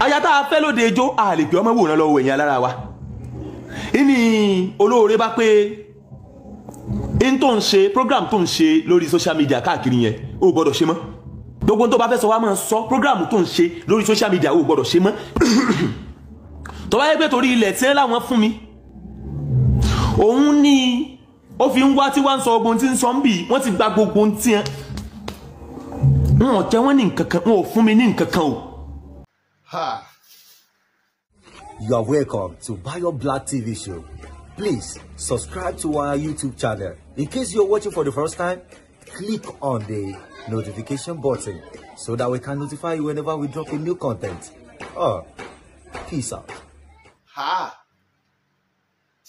aya tá a fẹ́ lóde ijó a ọmọ ìwòran lọ́wọ́ ẹ̀yìn alára wa ìní olóore bá pé n tó ń ṣe program tó ń ṣe lórí social media káàkiri yẹn ó gbọ́dọ̀ ṣe mọ́ gbogbo tó bá fẹ́ sọ wá máa sọ program tó ń ṣe lórí social media ó gbọ́dọ̀ ṣe mọ́ tó bá yẹ pé torí ilẹ̀ tí ẹ láwọn fún mi òun ni ó fi ń wá tí wá ń sọ ogun tí ń sọ ń bì wọ́n ti gba gbogbo ohun tí wọn ò jẹ́ wọ́n ní nǹkan kan wọn ò fún mi ní nǹkan kan o Ha! You are welcome to Bio Black TV show. Please subscribe to our YouTube channel. In case you're watching for the first time, click on the notification button so that we can notify you whenever we drop a new content. Oh, peace out. Ha!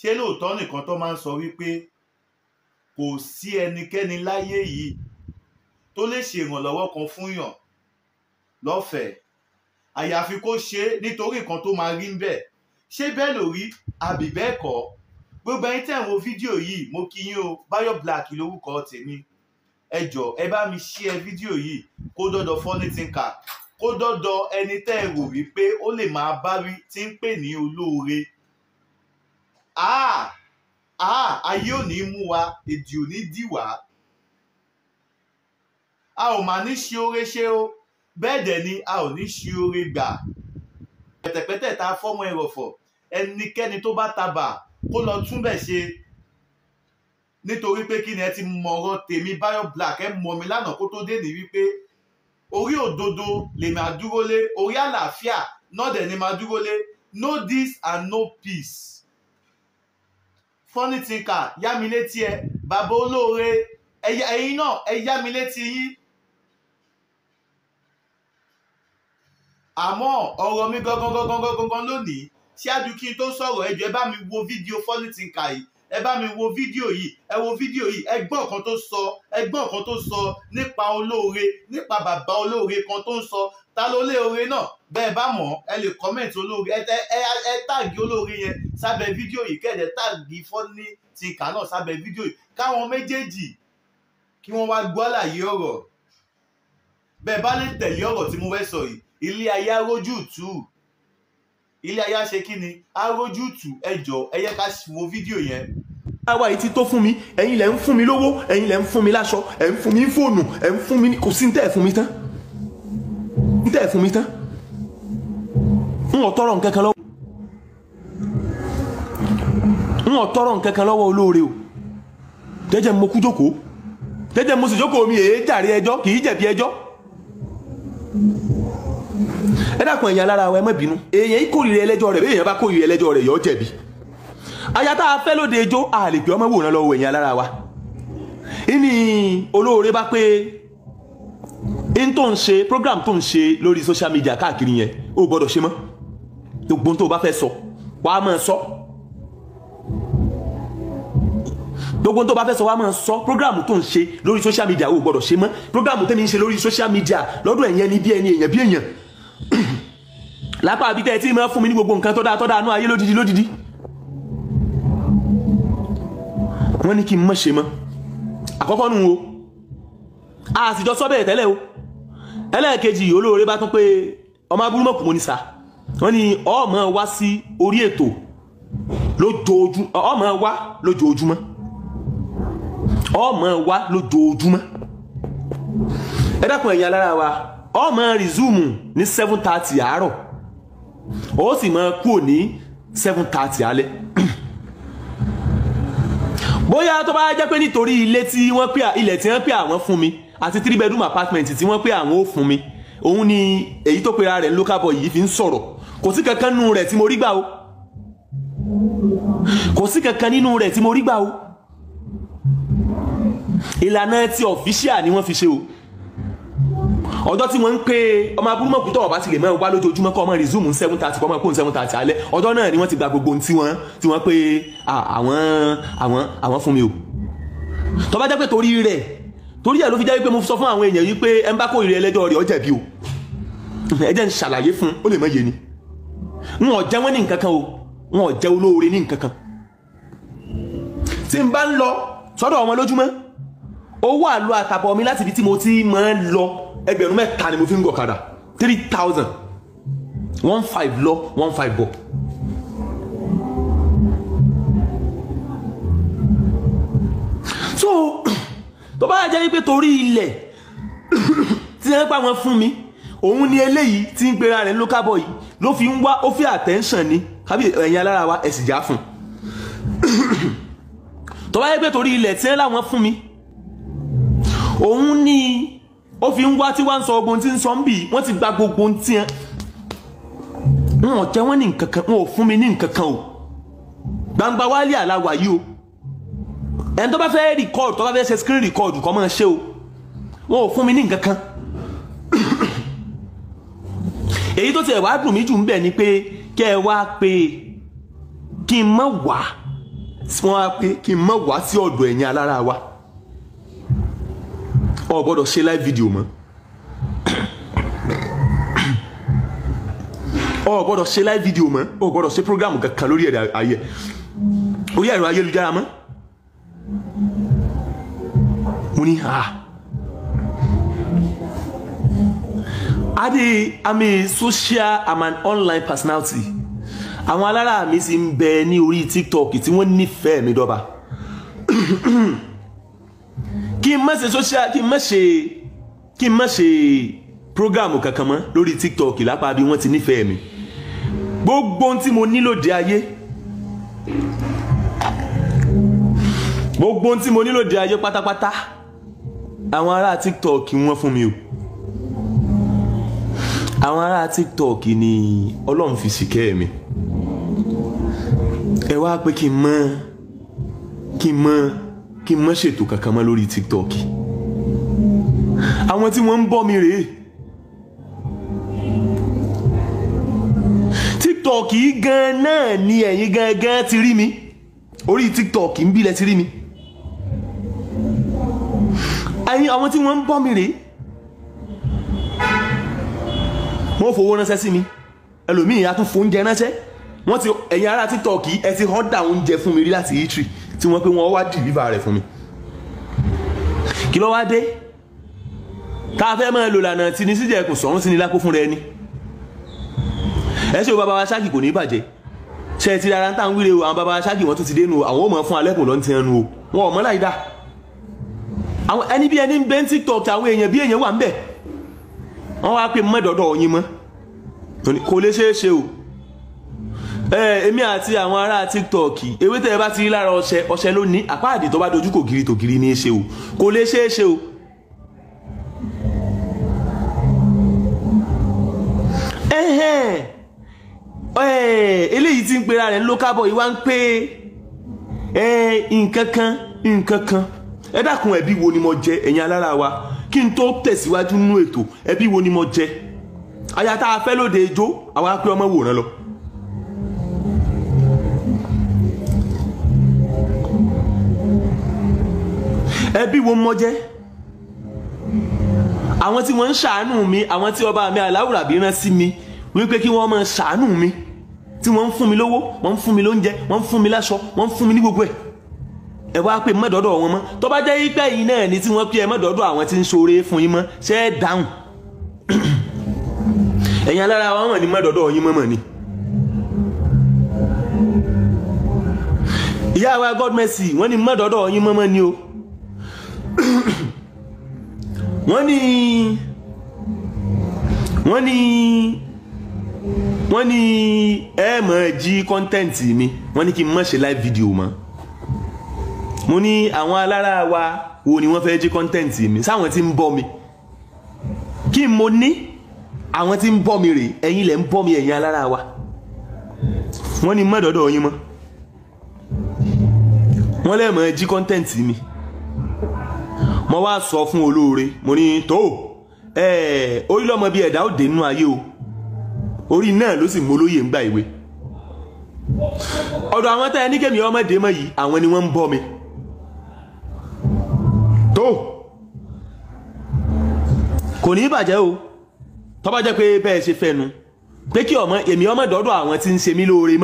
Ṣé lóòótọ́ nìkan tó máa ń sọ wípé kò sí ẹnikẹ́ni láyé yìí tó lè ṣèrànlọ́wọ́ kan fún yàn lọ́fẹ̀ẹ́? àyàfi kó ṣe nítorí nǹkan tó máa rí ń bẹ̀ ṣé bẹ́ẹ̀ ló rí àbí bẹ́ẹ̀ kọ́ gbogbo ẹ̀yin tẹ́ ń wo fídíò yìí mo kí yín o Báyọ̀ Black lórúkọ tèmi ẹ jọ ẹ bá mi share fídíò yìí kó dọ́dọ̀ Funny Thinker kó dọ́dọ̀ ẹni tẹ́ ẹ rò wípé ó lè máa bá rí tí ń pè ní olóore ah ah ayé ò ní mú wa èdè ò ní dì wá a ò mà ní ṣe oore ṣe o bẹ́ẹ̀ dẹ̀ ni a ò ní ṣe oore gbà pẹ̀tẹ̀pẹ̀tẹ̀ ta fọ́mọ ẹ̀rọ̀fọ̀ ẹnikẹ́ni tó bá tabà kó lọ túnbẹ̀ ṣe nítorí pé kí ni ẹ ti mọ̀rọ̀ tèmi Bayo Black ẹ mọ̀ mi lánàá kó tó dé ní wípé orí òdodo lè máa dúró lé orí àlàáfíà náà dẹ̀ ni máa dúró lé no dis and no peace funny thinker yá mi létí ẹ bàbá olóore ẹ̀yin náà ẹ yá mi létí yín àmọ́ ọ̀rọ̀ mi gangan gangan gangan lónìí ṣáájú kí n tó sọ̀rọ̀ ẹjọ́ ẹ bá mi wo fídíò Funny Thinker yìí ẹ bá mi wo fídíò yìí ẹ wo fídíò yìí ẹ gbọ́ kan tó sọ ẹ gbọ́ kan tó sọ nípa olóore nípa bàbá olóore kan tó ń sọ ta ló lé oore náà bẹ́ẹ̀ bá mọ̀ ẹ lè kọ́mẹ̀ntì olóore ẹ ẹ ẹ táàgì olóore yẹn sábẹ́ fídíò yìí kẹ̀dẹ̀ táàgì Funny Thinker náà sábẹ́ fídíò yìí káwọn méjèèjì kí wọ́n wá gbọ́ àlàyé ọ̀rọ̀ bẹ́ẹ̀ bá lè tẹ̀lé ọ̀rọ̀ tí mo fẹ́ sọ yìí ilé ayé arójú tù ilé ayé aṣe kí ni arójú tù ẹjọ ẹyẹ ká wo fídíò yẹn. àwa yìí ti tó fún mi ẹ̀yin lẹ ń fún mi lówó ẹ̀yin lẹ ń fún mi láṣọ ẹ ń fún mi fóònù ẹ ń fún mi kò sí ní tẹ́ ẹ̀ fún mi tán ní tẹ́ fún mi tán n ò tọrọ nǹkan kan n ò tọrọ nǹkan kan olóore o jẹ́jẹ́ mo kú jókòó jẹ́jẹ́ mo sì jókòó mi èé jàre ẹjọ́ kì í jẹ̀bi ẹjọ́ ẹ dákun ẹ̀yàn lára wa ẹ má bínú èèyàn kórìíra ẹlẹ́jọ́ rẹ̀ èèyàn bá kórìíra ẹlẹ́jọ́ rẹ̀ yọ̀ọ́ jẹ̀bi aya tá a fẹ́ lóde ijó a lè pè ọmọ wòran lọ́wọ́ èèyàn lára wa ìní olóore bá pé n tó ń ṣe program tó ń ṣe lórí social media káàkiri yẹn ó gbọ́dọ̀ ṣe mọ́ gbogbo tó o bá fẹ́ sọ wàá máa sọ gbogbo tó bá fẹ́ sọ wá máa sọ programu tó ń ṣe lórí social media o gbọ́dọ̀ ṣe mọ́ programu tẹ́mi ń ṣe lórí social media lọ́dọ̀ ẹ̀yẹn ni bí ẹni èèyàn bí èèyàn lápá àbí tẹ́ ẹ tí máa fún mi ní gbogbo nǹkan tó dáa tó dáa nú ayé lódìdí lódìdí wọ́n ní kí n mọ̀ ṣe mọ́ àkọ́kọ́ nu o a sì jọ sọ bẹ́ẹ̀ tẹ́lẹ̀ o ẹlẹ́ẹ̀kejì olóore bá tún pé ọmọ abúlé mo ní sa wọ́n ní ọmọ wá sí orí ètò lójoojúmọ́ ọmọ wá lójoojúmọ́ ọmọ wa lójoojúmọ́ ẹ dákun ẹ̀yin alára wa ọmọ rìzúùmù ní seven thirty àárọ̀ ó sì máa kúrò ní seven thirty alẹ́ bóyá tó bá jẹ́ pé nítorí ilé tí wọ́n pè ilẹ̀ tí wọ́n pè àwọn fún mi àti three bedroom apartment tí wọ́n pè àwọn ó fún mi òun ni èyí tó pera rẹ̀ local boy yìí fi ń sọ̀rọ̀ kò sí kankan nínú rẹ̀ tí mo rí gbà o kò sí kankan nínú rẹ̀ tí mo rí gbà o ìlànà ti ọ̀fíṣíà ni wọ́n fi ṣe o ọjọ́ tí wọ́n ń pè ọmọ abúrúmọ̀kú tọ̀wọ̀ bá ti lè mọ́ ẹ̀wá lójoojúmọ́ kọ́ ọmọ resume seven thirty kọ́ ọmọ ẹ̀kọ́ seven thirty alẹ́ ọjọ́ náà ni wọ́n ti gba gbogbo ohun tí wọ́n tí wọ́n pé àwọn àwọn àwọn fún mi o tó bá jẹ́ pé torí rẹ̀ torí ẹ̀ ló fi jẹ́ pé mo sọ fún àwọn èèyàn yìí pé ẹ ń bá kó ìrẹ́ ẹlẹ́jọ́ rẹ̀ ọjẹ́ bí o ẹ jẹ́ ń ṣàlàyé fún ó lè mọ ni wọn ò jẹ́ wọ́n ní nǹkan kan o wọn ò jẹ́ olóore ní nǹkan kan tí n bá ń lọ sọ́dọ̀ ọmọ lójúmọ́ owó àlọ àtàbọ̀ mi láti ibi tí mo ti máa ń lọ ẹgbẹ̀rún mẹ́ta ni mo fi ń gọ̀kadà three thousand one five lọ one five bọ̀. so tó bá jẹ́ wípé torí ilẹ̀ tí wọ́n pa wọn fún mi òun ni eléyìí tí ń gbéra rẹ̀ local boy yìí ló fi ń wá ó fi attention ni kábí ẹ̀yin alára wa ẹ̀sìn já fún un tó bá jẹ́ pé torí ilẹ̀ tí wọ́n láwọn fún mi òun ni ó fi ń wá tí wá ń sọ ogun tí ń sọ ń bì wọ́n ti gba gbogbo ohun tí wọn ò jẹ́ wọ́n ní nǹkan kan wọn ò fún mi ní nǹkan kan o gbangba wálé àláwà yìí o ẹni tó bá fẹ́ rìkọ́ọ̀dù tó bá fẹ́ ṣe screen rìkọ́ọ̀dù kọ́ máa ṣe o wọn ò fún mi ní nǹkan kan èyí tó tiẹ̀ wá dùn mí jù ń bẹ̀ ni pé kẹ́ ẹ wá pé kí n mọ̀ wá wọ́n á pé kí n mọ̀ wá sí ọ̀dọ̀ ẹ̀yin alára wa o gbọ́dọ̀ ṣe live video mọ́ o gbọ́dọ̀ ṣe live video mọ́ o gbọ́dọ̀ ṣe program kankan lórí ẹ̀rọ ayé orí ẹ̀rọ ayélujára mọ́ mo ní ha ah. adi i'm a social i'm an online personality àwọn alára mi sì ń bẹ ní orí tiktok tí wọ́n nífẹ̀ẹ́ mi dọ́ba kí n má ṣe social kí n má ṣe kí n má ṣe program kankan mọ́ lórí tiktok lápá bí wọ́n ti nífẹ̀ẹ́ mi gbogbo ohun tí mo ní lóde ayé gbogbo ohun tí mo ní lóde ayé pátápátá àwọn ará tiktok wọ́n fún mi o àwọn ará tiktok ni ọlọ́run fi ṣìkẹ́ mi ẹ wá pé kí n mọ̀ kí n mọ̀ kí n má ṣètò kankan mọ́ lórí TikTok àwọn tí wọ́n ń bọ́ mi rèé TikTok yìí gan náà ni ẹ̀yin gangan ti rí mi orí TikTok ń bí ti rí mi àwọn tí wọ́n ń bọ́ mi rèé wọ́n fowó ránṣẹ́ sí mi ẹlòmíì a tún ránṣẹ́ wọ́n ti ẹ̀yin ará TikTok ẹ ti họ́dà oúnjẹ fún mi rí láti eatery tí wọ́n pé wọ́n wá dìlíva rẹ̀ fún mi kí ló wá dé tá a fẹ́ máa lò lànà tí ní síjẹ́ kò sọ̀rún sí ni lákó fún rẹ ni ẹ ṣe o bàbá wa ṣáàkì kò ní bàjẹ́ ṣe ti rárá tá à ń wíre o àwọn bàbá wa ṣáàkì wọ́n tún ti dénú àwọn ò mọ̀ fún alẹ́kùn lọ́n ti ẹnu o wọn ò mọ̀ láì dá àwọn ẹni bí ẹni ń bẹ́ ń tiktok àwọn èèyàn bí èèyàn wà ń bẹ̀ wọ́n wá pé mọ́ dọ́dọ̀ ọ̀yin mọ́ kò lè ṣeé ṣe o èmi àti àwọn ará tiktok ewé tẹ́ ẹ bá ti rí lára ọṣẹ ọṣẹ ló ní àpáàdé tó bá dojú kò gírí tògírí ní í ṣe o kò lè ṣeé ṣe o. eléyìí ti ń pera rẹ̀ ń local boy wá ń pé nǹkan kan nǹkan kan ẹ dákun ẹbí wo ni mo jẹ ẹ̀yin alára wa kí n tó tẹ̀síwájú nínú ètò ẹbí wo ni mo jẹ aya tá a fẹ́ lóde ijó àwa pé ọmọ wòran lọ. ẹbí wo mọ́ jẹ́ àwọn tí wọ́n ń ṣàánú mi àwọn tí ọba mi aláwùrà bí rán sí mi wípé kí wọ́n máa ṣàánú mi tí wọ́n ń fún mi lówó wọ́n ń fún mi lóúnjẹ wọ́n ń fún mi láṣọ wọ́n ń fún mi ní gbogbo ẹ̀ ẹ wá pé mọ́dọ́dọ̀ wọn mọ́ tó bá jẹ́ ipẹ́ yìí náà ni tí wọ́n pé ẹ mọ́dọ́dọ̀ àwọn tí ń ṣoore fún yín mọ́ ṣe é dáhùn ẹ̀yin alára wa wọ̀n ní mọ́dọ́dọ̀ yín mọ́mọ́ ni. ìyá wa God mercy wọ́n ní mọ́dọ́dọ̀ yín mọ́mọ́ ni o wọ́n ní wọ́n ní wọ́n ní ẹ máa jí kọ́ńtẹ́ǹtì mi wọ́n ní kí n má ṣe live video mọ́ mo ní àwọn alára wa wo ni wọ́n fẹ́ jí kọ́ńtẹ́ǹtì mi sáwọn tí ń bọ́ mi kí mo ní àwọn tí ń bọ́ mi rèé ẹ̀yin lẹ̀ ń bọ́ mi ẹ̀yin alára wa wọ́n ní mọ́dọ̀dọ̀ yín mọ́ wọ́n lẹ́ẹ̀ máa jí kọ́ńtẹ́ǹtì mi. mo wá sọ fún olóore mo ní tó ẹ orí lọ́mọ bíi ẹ̀dá òde nínú ayé o orí náà ló sì mólóyè ń gba ìwé ọ̀dọ̀ àwọn tẹ́ ẹ ní kẹ́mi ọmọdé mọ́ yìí àwọn ni wọ́n ń mi tó kò ní bàjẹ́ o tọ́ba jẹ́ pé bẹ́ẹ̀ ṣe fẹ́ nu pé kí ọmọ èmi ọmọ dọ́dọ̀ àwọn tí ń ṣe mí lóore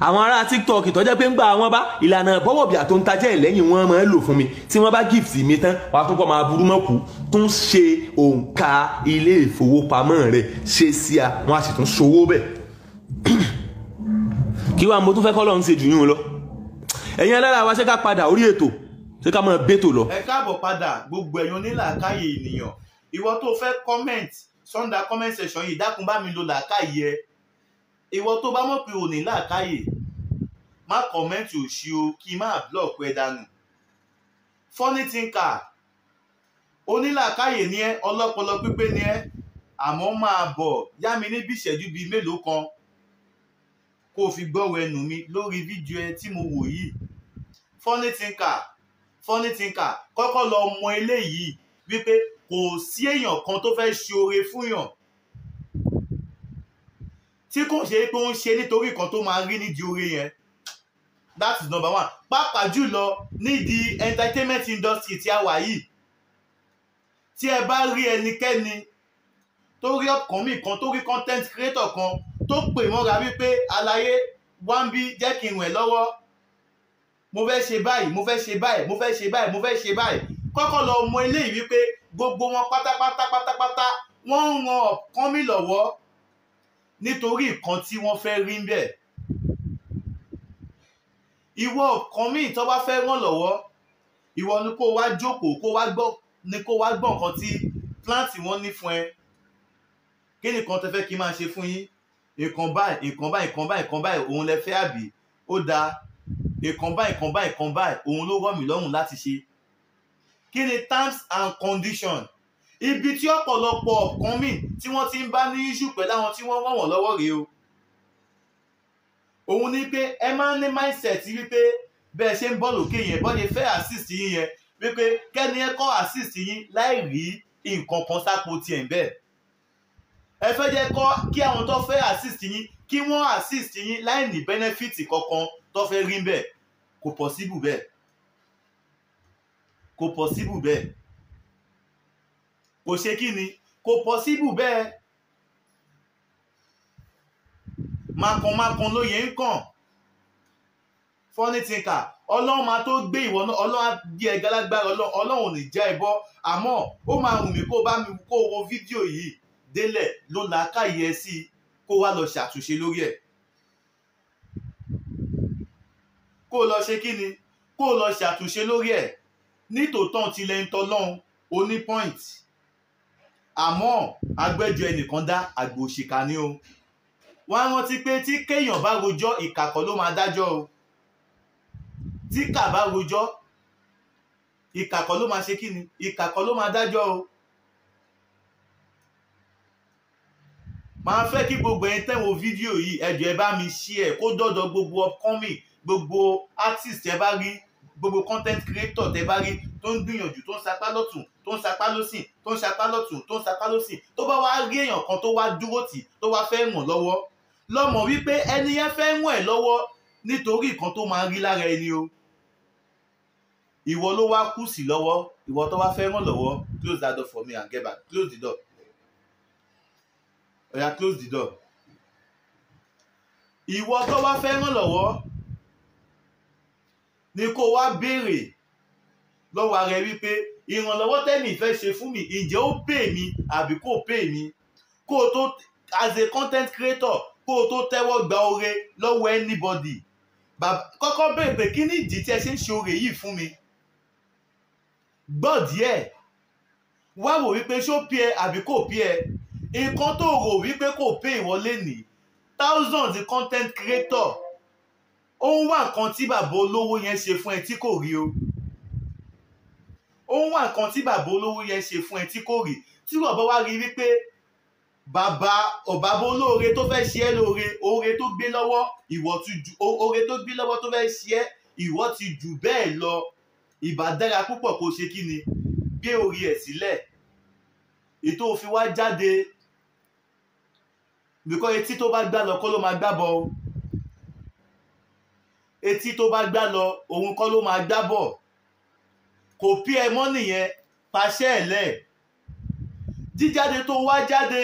àwọn ará tiktok tó jẹ́ pé ń gba àwọn bá ìlànà bọ́wọ̀bìà tó ń tajẹ́ ìlẹ́yìn wọn máa ń lò fún mi tí wọ́n bá gift mi tán wà á tún kọ́ máa burú mọ́ kú tún ṣe òǹkà ilé ìfowópamọ́ rẹ̀ ṣe sí a wọ́n á sì tún ṣòwò bẹ́ẹ̀. kí wàá mo tún fẹ́ kọ́ lọ́n ṣe jù yún un lọ ẹ̀yin alára wa ṣé ká padà orí ètò ṣé ká máa bẹ́tò lọ. ẹ káàbọ̀ padà gbogbo ẹ̀yin onílàákàyè ènìyàn ìwọ tó fẹ́ comment Sunday comment section yìí dákun bá mi lo làákàyè ìwọ tó bá mọ̀ pé o ní làákàyè má kọ̀mẹ́ǹtì òṣì o kí má blọọ̀kù ẹ dànù funny thinker onílàákàyè ni ẹ ọlọ́pọlọ pípé ni ẹ àmọ́ máa bọ̀ yá mi níbi ìṣẹ́jú bíi mélòó kan kó o fi gbọ́rọ̀ ẹnu mi lórí fídíò ẹ tí mo wò yìí funny thinker funny thinker kọ́kọ́ lọ mọ eléyìí wípé kò sí èèyàn kan tó fẹ́ ṣe oore fún yàn tí kò ṣe pé ó ń ṣe nítorí nǹkan tó máa ń rí nídìí oore yẹn that is number one pàápàá jùlọ nídìí entertainment industry tí a wà yìí tí ẹ bá rí ẹnikẹ́ni tó rí upcoming kan tó rí content creator kan tó pè mọ́ra wípé àlàyé wá ń bí jẹ́ kí n rẹ̀ lọ́wọ́ mo fẹ́ ṣe báyìí mo fẹ́ ṣe báyìí mo fẹ́ ṣe báyìí mo fẹ́ ṣe báyìí kọ́kọ́ lọ mọ eléyìí wípé gbogbo wọn pátápátá pátápátá wọ́n ń ran upcoming lọ́wọ́ nítorí nǹkan tí wọ́n fẹ́ rí ń bẹ̀ ìwọ kan míì tó bá fẹ́ ràn lọ́wọ́ ìwọ ni kó wá jókòó kó wá gbọ́ ni kó wá gbọ́ nǹkan tí pláǹtì wọn ní fún ẹ kí nìkan tẹ fẹ́ kí n máa ṣe fún yín nǹkan báyìí nǹkan báyìí nǹkan báyìí nǹkan báyìí òun lẹ fẹ́ àbí ó dáa nǹkan báyìí nǹkan báyìí nǹkan báyìí òun ló rọ̀ mí lọ́rùn láti ṣe kí ni terms and conditions ibi tí ọ̀pọ̀lọpọ̀ ọ̀kan mì tí wọ́n ti ń bá ní iṣu pẹ̀lú àwọn tí wọ́n wọ̀n wọ́n lọ́wọ́ rèé o òun ni pé ẹ máa ń ní mindset wípé bẹ́ẹ̀ ṣe ń bọ́ọ̀lù kí yẹn bọ́ọ̀lù fẹ́ assist yín yẹn wípé kẹ́ni ẹ kọ́ assist yín láì rí nǹkan kan sápò tiẹ̀ ń bẹ́ẹ̀ ẹ fẹ́ jẹ́ kọ́ kí àwọn tó fẹ́ assist yín kí wọ́n assist yín láì ní benefit kankan tó fẹ́ rí bẹ́ẹ̀ kò possible bẹ́ẹ̀ kò possible bẹ́ẹ̀ kò ṣe kí ni kò pọ́síbù bẹ́ẹ̀ makunmakun ló yẹ ń kàn fọ́nìtìǹkà ọlọ́run máa tó gbé ìwọ náà ọlọ́run á di ẹ̀gá lágbára ọlọ́run ò ní já ìbọ àmọ́ ó máa wù mí kó bá mi kó wo fídíò yìí délẹ̀ ló làákàyè ẹ sí kó wá lọ ṣàtúnṣe lórí ẹ̀ kó lọ ṣe kí ni kó lọ ṣàtúnṣe lórí ẹ̀ nítòótọ́ tilẹ̀ ń tọ́ lọ́hùn oní point àmọ́ agbẹ́jọ́ ẹnìkan dá àgbò ni o wọ́n á rántí pé tí kéèyàn bá rojọ́ ìkàkọ́ ló máa dájọ́ o tí kà bá rojọ́ ìkàkọ́ ló máa ṣe kí ni ìkàkọ́ ló máa dájọ́ o máa fẹ́ kí gbogbo ẹ̀yin tẹ́ wo fídíò yìí ẹ jọ̀ọ́ ẹ bá mi share kó dọ́dọ̀ gbogbo upcoming gbogbo artist tẹ́ bá rí gbogbo content creator tẹ́ bá rí tó ń gbìyànjú tó ń sapá lọ́tún tó ń sapá lọ́sìn tó ń sapá lọ́tún tó ń sapá lọ́sìn tó bá wá rí èèyàn kan tó wá dúró tì tó wá fẹ́ ràn lọ́wọ́ lọ́mọ wípé ẹni yẹn fẹ́ ràn ẹ́ lọ́wọ́ nítorí nǹkan tó máa rí lára ẹni o ìwọ ló wá kù sí lọ́wọ́ ìwọ tó wá fẹ́ ràn lọ́wọ́ close that door for me and get back close the door oya close the door ìwọ tó wá fẹ́ ràn lọ́wọ́ ni kó wá béèrè lọ́wọ́ ara ẹ wípé ìrànlọ́wọ́ tẹ́mi fẹ́ ṣe fún mi ǹjẹ́ ó pè mí àbí kò pè mí kó o tó as a content creator kó o tó tẹ́wọ́ gba oore lọ́wọ́ anybody kọ́kọ́ bẹ̀rẹ̀ pé kí ni ìdí tí ẹ ṣe ń ṣe oore yìí fún mi gbọ́ díẹ̀ wá wò wípé ṣó pí ẹ àbí kò pí ẹ nǹkan tó rò wípé kò pé ìwọlé nìí thousands content creator ó ń wá nǹkan tí bàbá olówó yẹn ṣe fún ẹ tí kò rí o ó ń wá nǹkan tí bàbá olówó yẹn ṣe fún ẹ tí kò rí tí bàbá wa rí wípé bàbá ọ̀bàbá olóore tó fẹ́ ṣe é lóore oore tó gbé lọ́wọ́ ìwọ ti jù oore tó gbé lọ́wọ́ tó fẹ́ ṣe é ìwọ ti jù bẹ́ẹ̀ lọ ìbá dára púpọ̀ kó ṣe kí ni gbé orí ẹ̀ sílẹ̀ ètò òfin wá jáde bíkọ́ etí tó bá gbá lọ kọ́ ló máa gbábọ̀ o etí tó bá gbá lọ òun kọ́ ló máa gbábọ̀ o kò pí ẹ mọ́ nìyẹn paṣẹ́ ẹ̀ lẹ̀ jíjáde tó wá jáde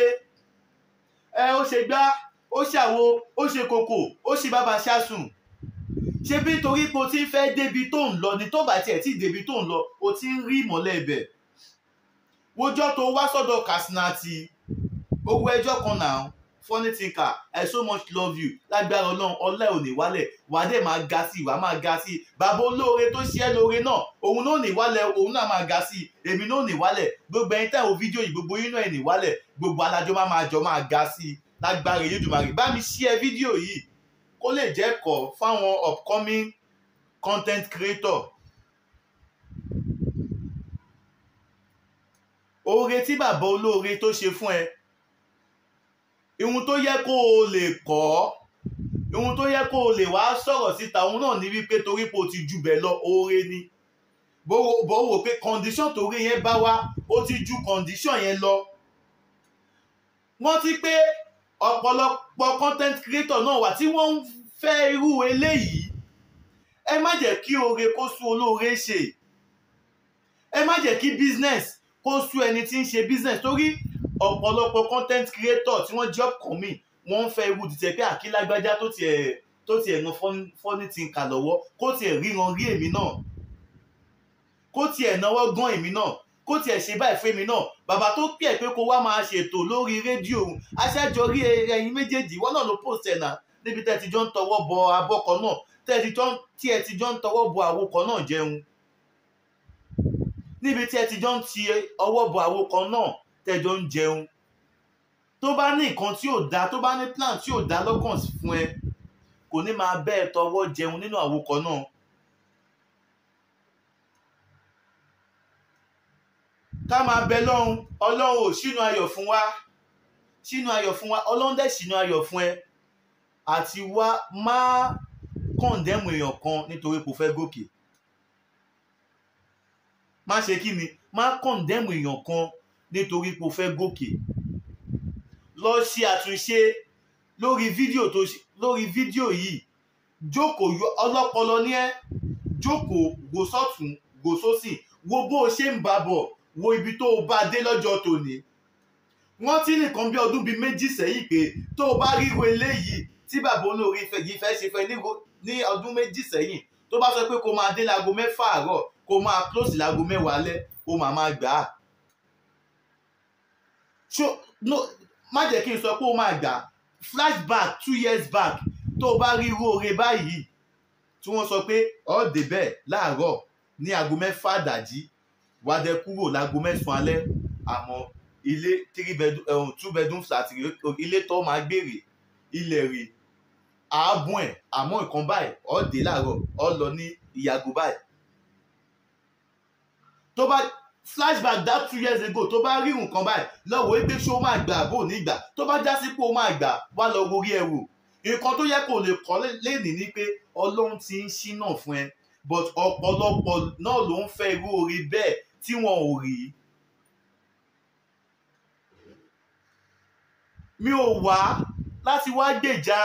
ẹ ó ṣe gbá ó ṣàwo ó ṣe kòkò ó ṣe bàbá ṣásùn ṣe bí torí pé o ti ń fẹ́ débi tó ń lọ ni tó bá tiẹ̀ tí débi tó ń lọ o ti ń rí ìmọ́lẹ̀ ibẹ̀ wọ́jọ́ tó wá sọ́dọ̀ Kasinati owó ẹjọ́ kan náà funny thinker i so much love you lágbára ọlọ́run ọlá ò ní wálẹ̀ wàá dẹ̀ máa ga sí i wàá máa ga sí i bàbá olóore tó ṣe é lóore náà òun náà ní wálẹ̀ òun náà máa ga sí i èmi náà ní wálẹ̀ gbogbo ẹ̀yin táwọn fídíò yìí gbogbo yín náà ní wálẹ̀ gbogbo alájọ máa máa jọ máa ga sí i lágbára Elédùmarè bá mi ṣí ẹ fídíò yìí kó lè jẹ́ ẹ̀kọ́ fáwọn upcoming content creator oore tí bàbá olóore tó ṣe fún ẹ ohun tó yẹ kó o lè kọ́ ohun tó yẹ kó o lè wá sọ̀rọ̀ síta òun náà ní wípé torí pé o ti jù bẹ́ẹ̀ lọ oore ni bó wò pé condition torí yẹn bá wá ó ti ju condition yẹn lọ wọ́n ti pé ọ̀pọ̀lọpọ̀ content creator náà wà tí wọ́n ń fẹ́ irú eléyìí ẹ má jẹ́ kí oore kó sú olóore ṣe ẹ má jẹ́ kí business kó sú ẹni tí ń ṣe business torí ọ̀pọ̀lọpọ̀ content creator tí wọ́n job coming wọ́n ń fẹ́ irú dìtẹ̀ pé àkílágbájá tó tiẹ̀ tó tiẹ̀ ran fọ́nì ti ń kà lọ́wọ́ kó tiẹ̀ ríran rí èmi náà kó tiẹ̀ náwó gan èmi náà kó tiẹ̀ ṣe báyìí fún èmi náà bàbá tó pè é pé kó wá máa ṣètò lórí rédíò aṣáájọ rí ẹyin méjèèjì wọn náà ló post ẹ̀ náà níbi tẹ́ ti jọ ń tọwọ́ bọ abọ́kọ náà tí ẹ ti jọ ń tọwọ́ bọ àwòkọ náà jẹun níbi tí ẹ ti jọ ń ti ọwọ́ bọ àwòkọ náà tẹ́jọ ń jẹun tó bá ní nǹkan tí ò dá tó bá ní plan tí ò dá lọ́kàn fún ẹ kò ní máa bẹ́ẹ̀ tọwọ́ jẹun nínú àwòkọ náà ká máa bẹ lọ́hùn ọlọ́run ò sínú ayọ̀ fún wa sínú ayọ̀ fún wa ọlọ́run dẹ̀ sínú ayọ̀ fún ẹ àti wá máa kọ̀ǹdẹ́mù èèyàn kan nítorí kò fẹ́ gòkè má ṣe kí ni má kọ̀ǹdẹ́mù èèyàn kan nítorí pé o fẹ́ gòkè lọ ṣe àtúnṣe lórí fídíò tó lórí fídíò yìí jókòó ọlọ́pọlọ ní ẹ jókòó gòsọ́tún gòsósì wo bó o ṣe ń bá bọ̀ wo ibi tó o bá dé lọ́jọ́ tòní wọ́n ti nìkan bí ọdún bíi méjì sẹ́yìn pé tó o bá ríro eléyìí tí bàbá olórí yìí fẹ́ ṣe fẹ́ ní ọdún méjì sẹ́yìn tó bá sọ pé kó máa dé láago mẹ́fà àárọ̀ kó máa close láago mẹ́wàá alẹ́ kó máa máa gbà á má jẹ́ kí n sọ pé ó máa gbà flashback two years back tó o bá rí irú oore báyìí tí wọ́n sọ pé ó débẹ̀ láàárọ̀ ní aago mẹ́fà dàjí wádẹ kúrò láago mẹ́sàn-án alẹ́ àmọ́ ilé three bedroom eh, oh, two bedroom flat ilé tó máa gbèrè ilẹ̀ rè àábùn ẹ̀ àmọ́ nǹkan báyìí ó dé láàárọ̀ ó lọ ní ìyàgò báyìí tó bá flashback dá two years ago tó bá rí nǹkan báyìí lọ́wọ́ ẹgbẹ́ ṣé ó máa gbà bó ní ìgbà tó bá já sí pé ó máa gbà wá lọ orí ẹrù nǹkan tó yẹ kó lè kọ́ lẹ́nìí ni pé ọlọ́run ti ń ṣínà fún ẹ but ọ̀pọ̀lọpọ̀ náà ló ń fẹ́ irú orí bẹ́ẹ̀ tí wọn ò rí. mi ò wá láti wá gbèjà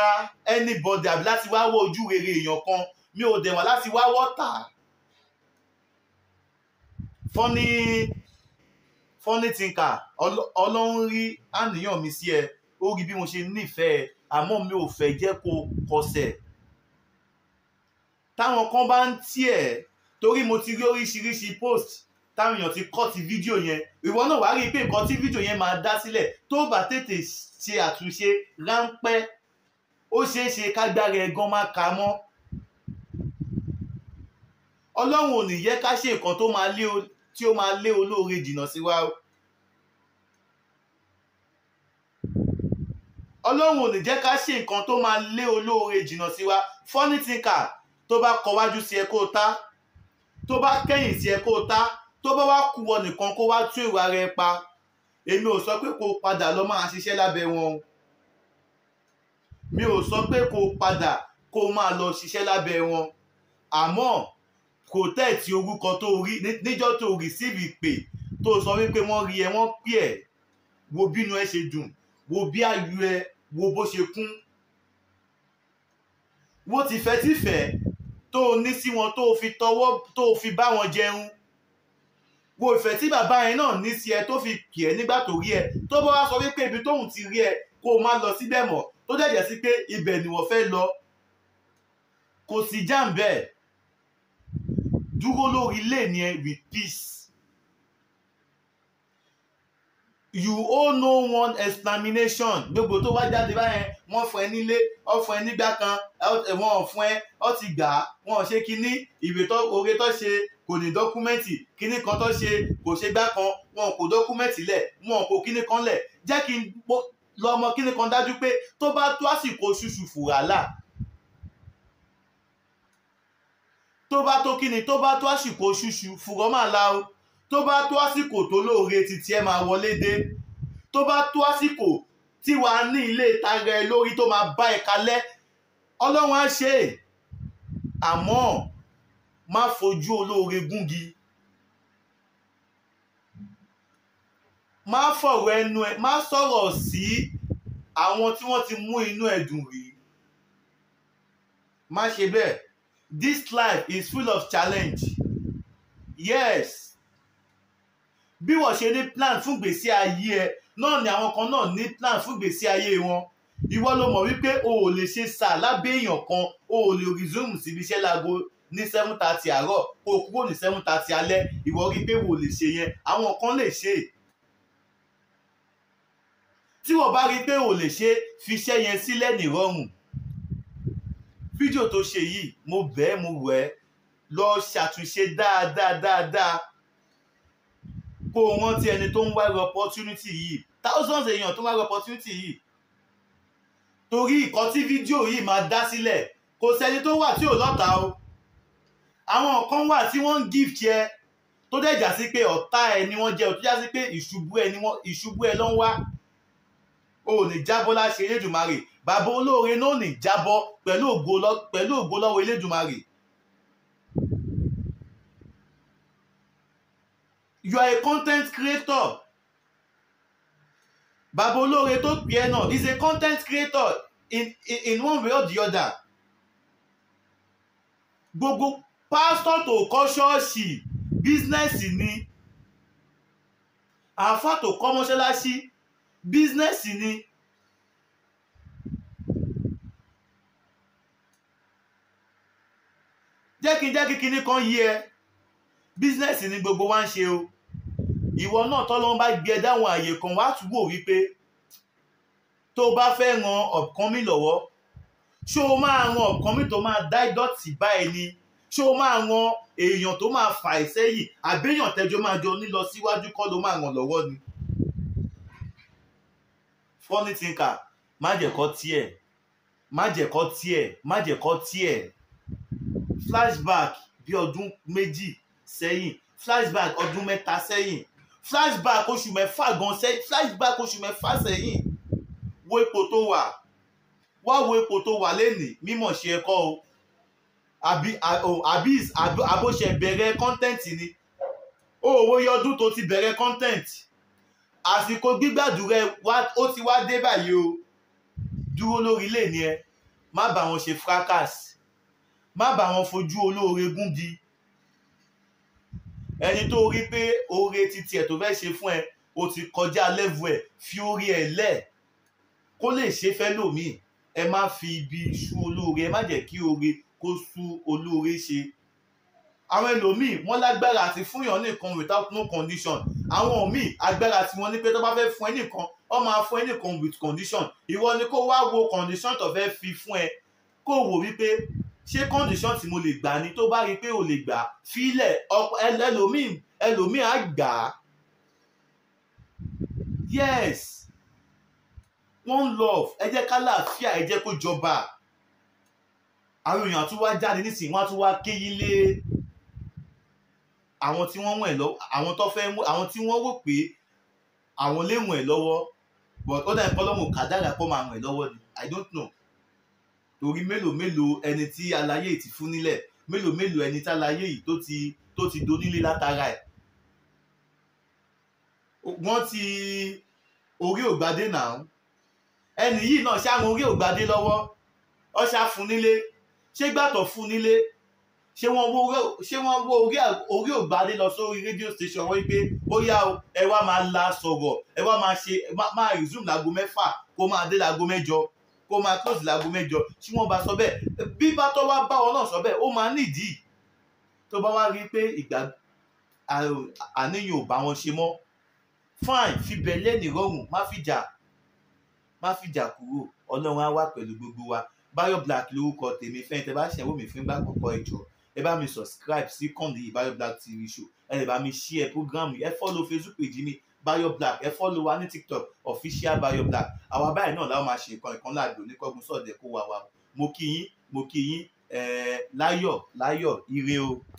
anybody àbí láti wá wọ ojú rere èèyàn kan mi ò dẹ̀ wá láti wá wọ́ta fọ́ní fọ́ní tìǹkà ọlọ́run rí àníyàn mi sí ẹ ó rí bí mo ṣe nífẹ̀ẹ́ àmọ́ mi ò fẹ́ jẹ́ kó kọsẹ̀ táwọn kan bá ń tiẹ̀ torí mo ti rí oríṣiríṣi post táwọn èèyàn ti kọ́ ti fídíò yẹn ìwọ náà wàá rí i pé nǹkan tí fídíò yẹn máa dá sílẹ̀ tó bá tètè ṣe àtúnṣe ráńpẹ́ ó ṣeé ṣe kágbára ẹ̀ máa kà mọ́ ọlọ́run ò ní yẹ ká ṣe nǹkan tó máa lé tí ó máa lé olóore jìnnà sí wa. ọlọ́run ò ní jẹ́ ká ṣe nǹkan tó máa lé olóore jìnnà sí wa funny thinker tó bá kọwájú sí ẹ kó ta tó bá kẹ́yìn sí ẹ kó ta tó bá wá kú ọ nìkan kó wá tú ìwà rẹ pa èmi ò sọ pé kó padà lọ máa ṣiṣẹ́ lábẹ́ wọn mi ò sọ pé kó padà kó máa lọ ṣiṣẹ́ lábẹ́ wọn àmọ́ kò tẹ̀tì orúkọ tó rí níjọ́ tó receive ìpè tó sọ wípé wọ́n rí ẹ wọ́n pè ẹ́ wo bínú ẹ ṣe dùn wo bí ayọ̀ ẹ wo bó ṣe kún wo tìfẹ́tìfẹ́ tó o ní sí wọn tó o fi tọwọ́ tó o fi bá wọn jẹun wo ìfẹ́ tí bàbá yẹn náà ní sí ẹ tó fi pè ẹ́ nígbà tó rí ẹ tó bá wá sọ wípé ibi tóun ti rí ẹ kó o má lọ síbẹ̀ mọ́ tó dẹ̀jẹ̀ sí pé ibẹ̀ ni wọ́n fẹ́ lọ kò sí jàm dúró lórí lẹ́ni ẹ with peace. you all know one examination gbogbo tó wá jáde báyẹn wọ́n fún ẹ nílé wọ́n fún ẹ nígbà kan wọ́n fún ẹ wọ́n ti gbà á wọ́n ṣe kínní ìwé tó oore tó ṣe kò ní dọ́kúmẹ́ǹtì kínní kan tó ṣe kò ṣe gbá kan wọn kò dọ́kúmẹ́ǹtì lẹ̀ wọn kò kínní kan lẹ̀ jẹ́ kí n lọ kínní kan dájú pé tó bá tó àsìkò ṣùṣù fùràlà tó bá tó kí ni tó bá tó àsìkò ṣúṣu fùrọ́ máa la o tó bá tó àsìkò tó lóore títí ẹ máa wọlé dé tó bá tó àsìkò tí wàá ní ilé ìtajà ẹ lórí tó máa bá ẹ kalẹ̀ ọlọ́run á ṣe é àmọ́ má fojú olóore gúngi má fọ̀rọ̀ ẹnu ẹ má sọ̀rọ̀ sí àwọn tí wọ́n ti mú inú ẹ̀ rí má ṣe bẹ́ẹ̀ this life is full of challenge yes bí wọ́n ṣe ní plan fún gbèsè ayé ẹ náà ni àwọn kan náà ní plan fún gbèsè ayé wọn ìwọ ló mọ̀ wípé o ò lè ṣe sà lábẹ́ èèyàn kan o ò lè resume síbi iṣẹ́ láago ní seven thirty àárọ̀ kó o kúrò ní seven thirty alẹ́ ìwọ rí pé o ò lè ṣe yẹn àwọn kan lè ṣe tí wọ́n bá rí pé o ò lè ṣe fi iṣẹ́ yẹn sílẹ̀ nírọ̀rùn fídíò tó ṣe yìí mo bẹ́ẹ̀ mo wẹ̀ ẹ́ lọ ṣàtúnṣe dáadáa dáadáa kó o rántí ẹni tó ń wá irú opportunity yìí thousands èèyàn tó ń wá irú opportunity yìí torí ìkan tí fídíò yìí máa dá sílẹ̀ kò sẹ́ni tó wà tí ò lọ́ta o àwọn kan wà tí wọ́n ń gift yẹ tó dẹ̀ jà sí pé ọ̀tá ẹ ni wọ́n jẹ́ ò tó já pé ìṣubú ẹ ló ń wá o ò ní jábọ́lá ṣe elédùnmarè bàbá olóore náà ní jábọ́ ògo lọ́wọ́ Elédùmarè. you are a content creator bàbá olóore tó pè ẹ́ náà is a content creator in, in, in one way or the other gbogbo pásítọ̀ tó kọ́ ṣọ́ọ̀ṣì bísínẹ́sì ni àáfà tó kọ́ mọ́ṣáláṣí bísínẹ́sì ni jẹ́kíjẹ́kí kíní kan yí ẹ bísínẹ́sì ni gbogbo wa ń ṣe o ìwọ náà tọ́lọ́wọ́n bá gbé ẹ dáhùn àyè kan wá túbọ̀ wípé tó bá fẹ́ ran ọ̀kan mi lọ́wọ́ ṣé o máa ran ọ̀kan mi tó máa dá ìdọ̀tí bá ẹ ni ṣé o máa ran èèyàn tó máa fà ẹ́ sẹ́yìn àbẹ́yàn tẹ́jọ́ máa jọ nílọ síwájú kọ́ ló máa ràn lọ́wọ́ ni. funny thinker má jẹ̀kọ́ tiẹ̀ má jẹ̀kọ́ tiẹ̀ má jẹ̀kọ́ tiẹ̀ flashback bí ọdún méjì sẹ́yìn flashback ọdún mẹ́ta sẹ́yìn flashback oṣù mẹ́fà gan sẹ́yìn flashback oṣù mẹ́fà sẹ́yìn wo ipò tó wà wá wo ipò tó wà lẹ́nìí mímọ̀ ṣe ẹ̀kọ́ o àbí àbí àbóṣe bẹ̀rẹ̀ kọ́ńtẹ́ǹtì ni ó wòye ọdún tó ti bẹ̀rẹ̀ kọ́ńtẹ́ǹtì àsìkò gbígbàdúrà ó ti wá dé báyìí o dúró lórí ilé ni ẹ má bá wọn ṣe fracas má bà wọn fojú olóore gúngi ẹni tó rí pé oore titi ẹ̀ tó fẹ́ ṣe fún ẹ o ti kọjá lẹ́vù ẹ̀ fi orí ẹ̀ lẹ̀ kó lè ṣe fẹ́ lòmíì ẹ má fi ibi sú olóore ẹ má jẹ́ kí oore kó sú olóore ṣe àwọn ẹlòmíì wọ́n lágbára àti fúnyàn nìkan without no condition àwọn míì agbára tí wọ́n ní pé tó bá fẹ́ fún ẹ nìkan wọ́n máa fún ẹ nìkan with condition ìwọ ni kó wá wo condition tó fẹ́ fi fún ẹ kó wò wípé ṣé condition tí mo lè gbà ni tó bá rí i pé o lè gbà fílẹ̀ ẹlòmíì ẹlòmíì á gbà á yes one love ẹ jẹ́ ká láàfíà ẹ jẹ́ kó jọba àwọn èèyàn tún wá jáde nísìnyí wọ́n á tún wá kéyí lé àwọn tí wọ́n wọ̀n ẹ̀ lọ́wọ́ àwọn tó fẹ́ àwọn tí wọ́n wò pé àwọn lè wọ̀n ẹ̀ lọ́wọ́ but ó dà ní kọ́lọ́mù kàdáàrà kọ́ máa wọ̀n ẹ̀ lọ́wọ́ ni i don't know torí mélòó mélòó ẹni tí aláyé ti fún nílẹ̀ mélòó mélòó ẹni tí aláyé yìí tó ti tó ti donílé látara ẹ̀ wọ́n ti orí ògbadé náà ẹni yìí náà ṣáàrùn orí ògbadé lọ́wọ́ ọṣà fún nílé ṣé gbàtọ̀ fún nílé ṣé wọ́n wó orí ògbadé lọ sórí rédíò station wọ́n pé ó yá o ẹ wá máa la sọ̀rọ̀ ẹ wá máa ṣe máa resume láago mẹ́fà kó máa dé láago mẹ́jọ kó máa close láago mẹ́jọ tí wọ́n bá sọ bẹ́ẹ̀ bí bá tó wá bá ọ náà sọ bẹ́ẹ̀ ó máa nídìí tó bá wá rí pé ìgbà àníyàn ò bá wọn ṣe mọ́ fine fibẹ̀ lẹ́nìí rọrùn má fìjà má fìjà kúrò ọlọ́run á wà pẹ̀lú gbogbo wa Bayo Black lórúkọ tèmi fẹ́yìn tẹ́ bá ṣẹ̀wó mi fún gbà kọ̀ọ̀kan ìjọ ẹ bá mi subscribe sí kànlẹ̀ Bayo Black TV show ẹ lè bá mi share program yìí ẹ follow Facebook page mi bayo black ẹ fọ́lù wa ní tiktok official bayo black àwa báyìí náà láwọn máa ṣe nǹkan ìkan láàdó ní kọ́gun sọ̀dẹ̀ kó wa wa mo kí yín mo kí yín láyọ̀ láyọ̀ ire o.